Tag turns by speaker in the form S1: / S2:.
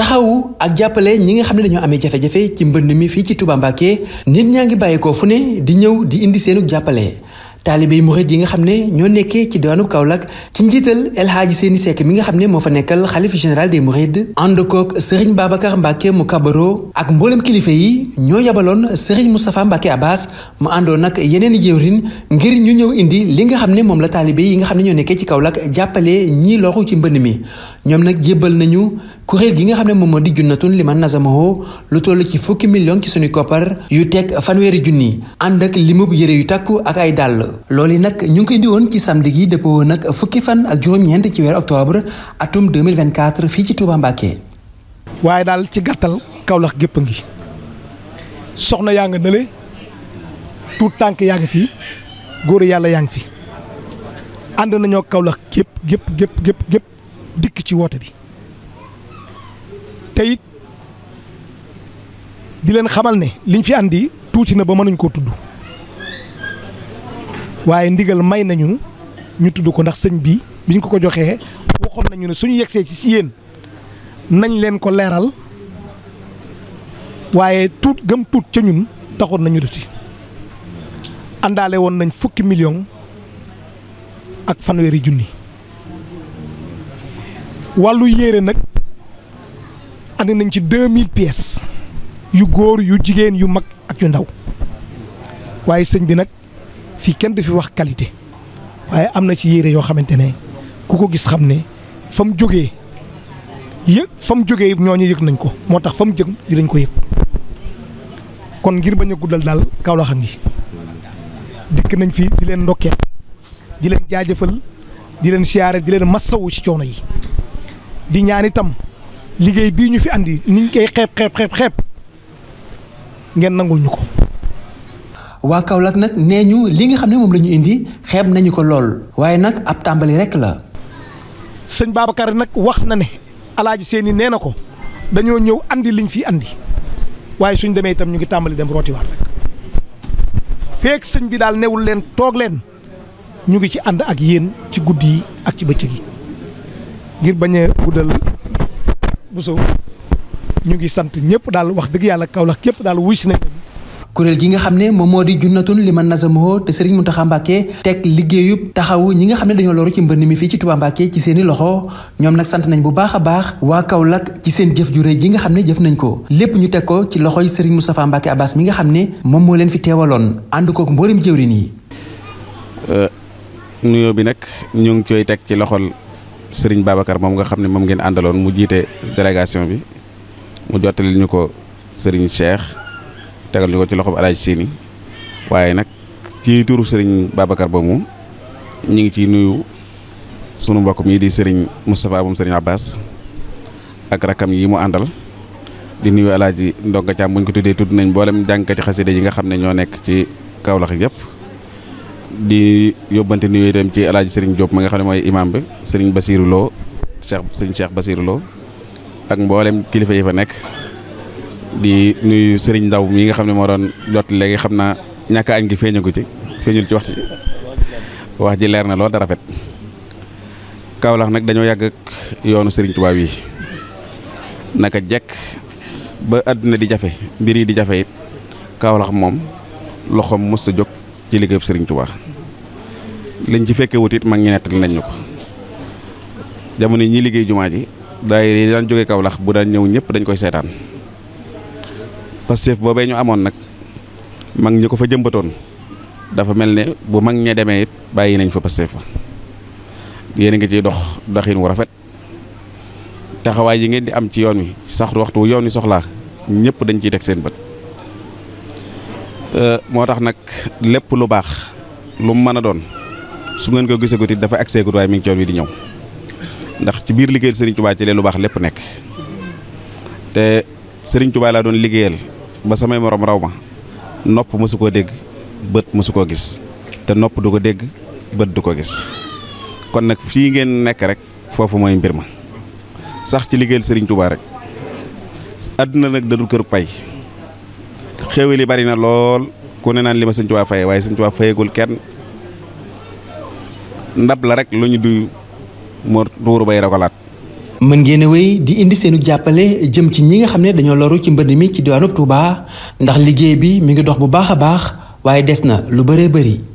S1: taxawu ak jàppale ñi nga xam ne dañoo amee jafe-jafe ci mbënn mi fii ci Touba Mbacké nit ñaa ngi bàyyeekoo fu ne di ñëw di indi seenu jàppale taalibe yi yi nga xam ne ñoo nekkee ci diwaanu Kaolack ci njiital El Hadji Seyni Seck mi nga xam ne moo fa nekkal xalif général des mourides ànd koog Serigne Babacar Mbacké mu kabaro ak mboolem kilifa yi ñoo yabaloon Serigne Moustapha Mbacké Abbas mu àndoon nag yeneen jëwrin ngir ñu ñëw indi li nga xam ne moom la taalibe yi nga xam ne ñoo nekkee ci Kaolack jàppale ñii loxu ci mbënn mi ñoom nag jébbal nañu kuréel gi nga xam ne moom moo di junnatun liman nazamaho lu toll ci fukki million ci suñu koppar yu teg fanweeri junni ànd ak limub yére yu takku ak ay dàll loolu nag ñu ngi ko indi woon ci samedi gi dëppoo nag fukki fan ak juróom-ñeent ci weer octobre atum 2024 fii ci Touba Mbacké
S2: waaye daal ci gàttal Kaolack gépp a ngi soxna yaa nga nële tuut tànk yaa ngi fii góor yàlla yaa ngi fi ànd nañoo Kaolack gépp gépp gépp gépp gépp dikk ci woote bi te di leen xamal ne liñ fi àndi tuuti na ba mënuñ koo tudd waaye ndigal may nañu ñu tudd ko ndax sëñ bi biñ ko ko joxee waxoon nañu ne suñu yegsee ci si nañ leen ko leeral waaye tuut gëm tuut ca ñun taxoon nañu def ci àndaale woon nañ fukki million ak fanweeri junni wàllu yéere nag. andi nañ ci 2000 pièces yu góor yu jigéen yu mag ak yu ndaw waaye sëñ bi nag fii kenn di fi wax qualité waaye am na ci yére yoo xamante ne ku ko gis xam ne fa mu jóge yëg fa mu jógee ñooñu yëg nañ ko moo tax fa mu jëm dinañ ko yëg kon ngir bañ a guddal daal Kaolack yi ngi dikk nañ fi di leen ndokkeel di leen jaajëfal di leen siyaare di leen massawu ci coono yi di ñaan itam liggéey bii ñu fi andi niñ koy xeeb xepp xeeb xeeb ngeen nangul ñu ko.
S1: waa kaw Kaolack nag nee ñu li nga xam ne moom lañu indi xeeb nañu ko lool waaye nag ab tàmbali rek
S2: la. sëñ Babacar nag wax na ne seen seeni nee na ko dañoo ñëw andi liñ fi andi waaye suñ demee itam ñu ngi tàmbali dem rootiwaat rek feek sëñ bi daal newul leen toog leen ñu ngi ci ànd ak yéen ci guddi yi ak ci bëccëg yi ngir bañ a guddal. Bousso ñu ngi sant ñëpp daal wax dëgg yàlla Kaolack yëpp daal wuy si nañ kuréel gi nga xam ne moom moo
S1: di junnatun liman nazamoo te Serigne Mountakha Mbacké teg liggéeyub taxawu ñi nga xam ne dañoo loru ci mbënn mi fii ci Touba Mbacké ci seen loxo ñoom nag sant nañ bu baax a baax waa Kaolack ci seen jëf ju ji nga xam ne jëf nañ ko lépp ñu teg ko ci loxoy Serigne Moustapha Mbacké Abbas mi nga xam ne moom moo leen fi teewaloon ànd kook mboolem jëwrin yi
S3: euh, nuyoo bi nag ñu ngi koy teg ci loxol Sering babakar mom nga xamne mom ngeen delegasi mu jité délégation bi mu jotali ñuko ko Cheikh tégal ñuko ko ci loxob alay Sini waaye nak ci turu serigne babakar ba moom ñu ngi ci nuyu sunu mbokk mi di serigne mustapha kami serigne Abbas ak rakam yi mu andal di nuyu alaaji Ndonga Caam buñ ko tuddé tudd nañ bolem jankati xasida yi nga xamne ño nek ci di yóbbante nuyu itam ci alaaji sëriñ Diop ma nga xam ne mooy imam bi Serigne Basirou Lo Cheikh Serigne Cheikh Basirou Lo ak mbooleem kilifa yi fa nekk di nuyu sëriñ Ndaw mi nga xam ne moo doon jot léegi xam naa ñàkk añ gi feeñagu ci feeñul ci waxtu wax ji leer na lool dara rafet Kaolack nag dañoo yàgg yoonu Serigne Touba yi naka jekk ba àddina di jafe mbir yi di jafe it Kaolack moom loxoom mos a jóg ci ligueup Serigne Touba liñ ci fekke wutit mag ñi nettali nañ ñu ko jamono ñi liggéey juma ji daay daan jógee Kaolack bu daan ñew ñëpp dañ koy setan parce que ñu amon nak mag ñi ko fa jëmbaton dafa melne bu mag ña demee it bayyi nañ fa Pastef fa yéen nga ci dox doxin wu rafet taxaway yi ngeen di am ci yoon wi sax waxtu yoon wi soxla ñëpp dañ ci tek seen bëtt Eh, moo tax nak lépp lu bax lu meuna don su ngeen ko gisse guti dafa agseegut way mi ngi coon wi di ñew ndax ci biir liggéeyal Serigne Touba ci lu bax lepp nek te Serigne Touba la don liggéeyal ba samay morom rawma nopp mësu koo dégg bët gis te nopp du ko dégg bët gis kon nak fi ngeen nek rek fofu moy mbir ma sax ci liggéeyal Serigne Touba rek nak da dul keur pay xéewal yi bari na lool ku ne naan li ma sëñ Tuubaa faye waaye sëñ Tuubaa fayegul kenn ndab la rek lu ñu duy moo tuuru bay ragalaat
S1: mën ngeen a di indi seenu jàppale jëm ci ñi nga xam ne dañoo loru ci mbënd mi ci diwaanub Touba ndax liggéey bi mi ngi dox bu baax a baax waaye des na lu bëree bari